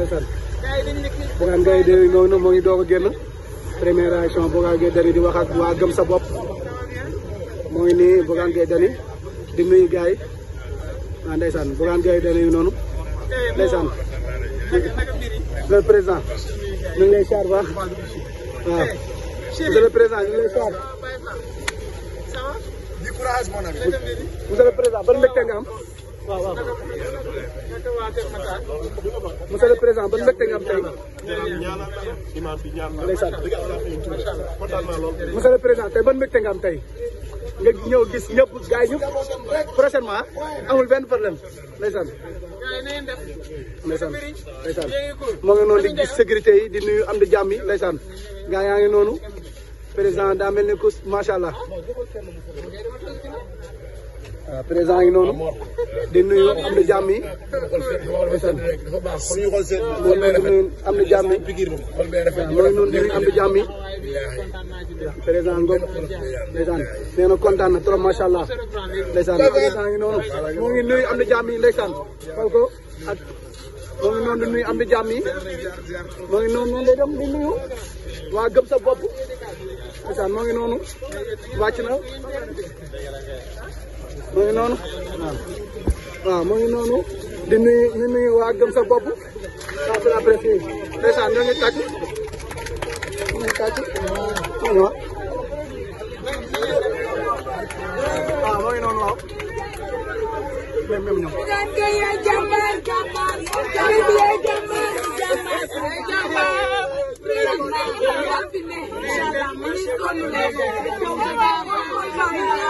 ndeysaan Bougane Gueye Dany moo ngi moo ngi doog a génn première réaction Bougane Gueye Dany di wax ak waa gëm sa bopp moo ngi nii Bougane Gueye Dany di nuyu gars yi ah ndeysaan Bougane Gueye Dany noonu ndeysaan le président ñu ngi lay siyaar baax waaw monsieur le président ñu ngi lay siyaar monsieur le président ban mbégte nga am waaw waaw. monsieur le président ban mbégte nga am tey. ndeysaan. monsieur le président tey ban mbégte nga am tey. nga ñëw gis ñëpp gars ñëpp prochainement amul benn problème ndeysaan. ndeysaan ndeysaan moo ngi noonu di gis sécurité yi di nuyu am di jàmm yi ndeysaan gars yaa ngi noonu président daa mel ni ko macha allah. Euh, président ngi noonu di nuyu am na jàmm yi. suñu xol mooy noonu am na jàmm yi mooy noonu nuyu am di jàmm yi. président Ngom ndeysaan nee na kontaan na trop macha allah ndeysaan noonu mu nuyu am na jàmm yi ndeysaan Falco ak moo ngi noonu di nuyu am na jàmm yi moo ngi di nuyu waa gëm sa bopp ndeysaan moo ngi noonu wàcc na. mu ngi noonu waaw mu ngi noonu di nuyu di waa Gëm sa bopp sans la presse yi ndeysaan ñoo ngi tàcc ñoo ngi tàcc waaw waaw mu ngi noonu waaw même même ñoom. Thank you.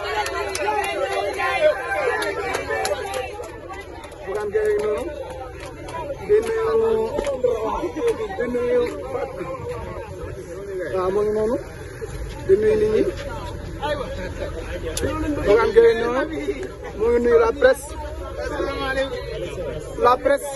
waaw mu ngi noonu di nuyu nit ñi Bougane Gueye Dany moo ngi nuyu la presse la presse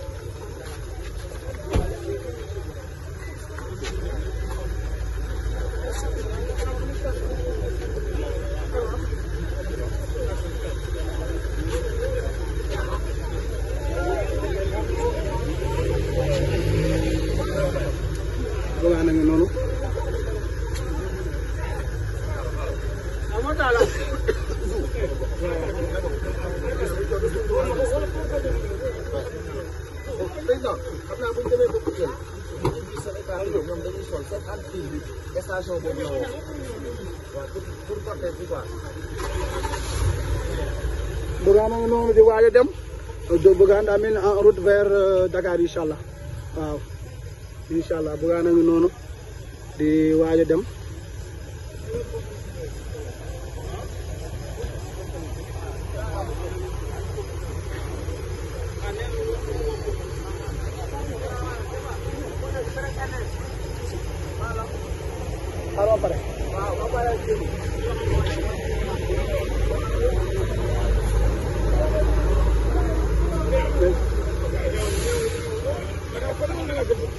bukan, a ngi noonu président xam naa bukan, ñu demee ba Koutiel ñu ngi di dem. Bougane daa route vers Dakar inshallah bu gana ngi nonu di waja dem Thank you.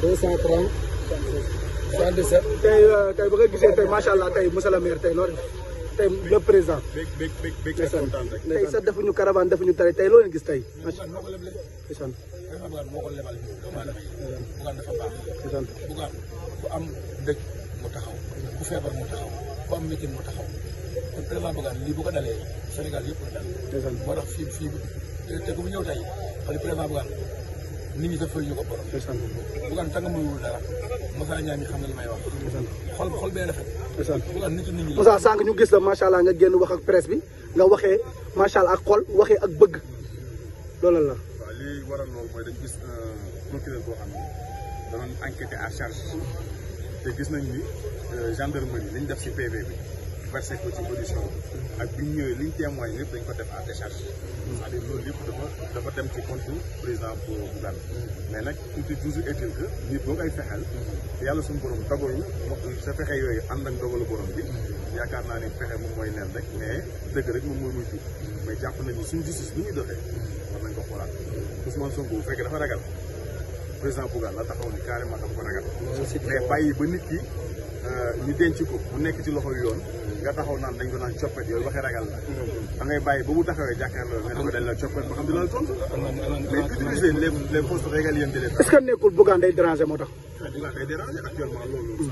Dua saat terang, 77 tey euh, tey ba nga gisee tey macha allah tey monsieur le maire tey loolu tey le président. béeg béeg béeg béeg kontaan rek. tey sax tey tey gis tey. macha allah isaan. isaan. bugaan ku am dëkk mu taxaw ku feebar mu taxaw ku am métier mu taxaw kon président bugaan lii bu dalee Sénégal yëpp dal. isaan moo tax fii fii te ku ñëw tey xale président bugaan. nit ñi dafa ñu ko borom. incha allah bu ko tànn mënuwul dara wax. incha allah xol xol bee rafet. incha allah nit ñu. sànq ñu gis la macha allah nga génn wax ak presse bi nga waxee macha allah ak xol waxee ak bëgg loolu la. waaw li waral loolu mooy dañ gis euh, procureur boo xam ne danoon enquêté à charge te gis nañ ni euh, gendarmerie li ñu def si PV bi. versé ko ci audition ak bi ñu ñëwee li ñu témoigné lépp dañ ko def en décharge c'est-à-dire loolu yëpp dafa dafa dem ci compte président pour Bougane mais nag tuuti toujours est-il que nit boo koy fexeel yàlla suñu borom dogalu sa fexe yooyu ànd ak dogalu borom bi yaakaar naa ne fexe moom mooy neen rek mais dëgg rek moom mooy muy jub mais jàpp nañu suñu justice bi ñuy doxee war nañ ko xoolaat Ousmane Sonko bu fekkee dafa ragal président Bougane la taxaw ni carrément dafa ko ragal mais bàyyi ba nit ñu denc ko mu nekk ci loxo yoon nga taxaw naan dañ ko naan coppet yooyu waxee ragal la mm-hmm. da ngay bàyyi ba mu taxawee jàkkaarloo nga ko dañ la coppet ba day déranger moo tax ah, Bougane day déranger mm-hmm.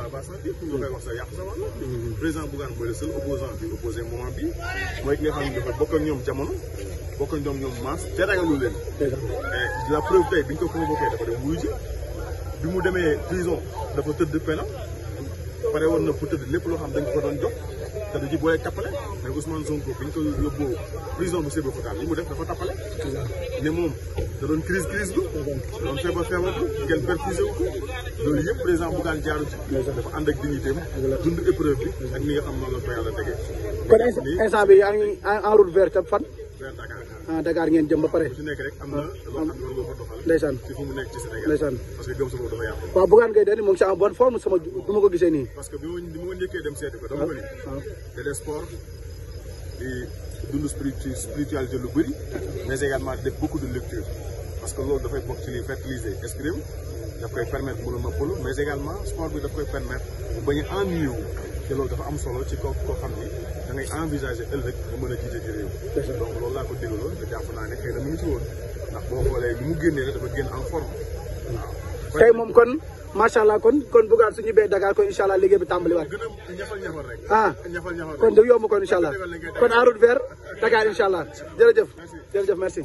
mm-hmm. ñoom jamono bokk ak ñoom ñoom te ragalu la preuve tey bi ñu ko convoqué dafa dem wuyu ji bi mu demee prison dafa tëdd penam pare woon na bu tëdd lépp loo xam dañ ko doon jox te du ci boolee tappale mais Ousmane Sonko bi ñu ko yóbboo prison bu Sébé Fouta li mu def dafa tappale ne moom da doon crise crise doon feebar feebar du ngeen perfusé wu ko loolu yëpp président Bougane jaaru ci dafa ànd ak dignité dund épreuve bi ak ni nga noonu la ko yàlla tegee kon instant bi yaa ngi fan ah Dakar ngeen jëm ba pare. fi nekk rek am na ah, loo xam moom si en bonne forme sama du ko gisee nii. parce que bi ma bi ah, ah. lu mais également def beaucoup de lecture. parce que loolu dafay bokk ci liy fertiliser escrime daf koy permettre mu noppalu mais également sport bi daf koy permettre bañ a ennuyer wu. te loolu dafa am solo ci koo koo xam ni da ngay envisager ëllëg bu mën a jiite ci réew loolu laa ko dégaloon te jàpp naa ne xëy na mu ngi ci woon ndax boo xoolee lu mu génnee rek dafa génn en forme waaw tey moom kon macha allah kon kon bugaan suñu bee Dakar kon incha allah liggéey bi tàmbaliwaat ah kon du yomb kon incha allah kon en route vers Dakar incha allah jërëjëf jërëjëf merci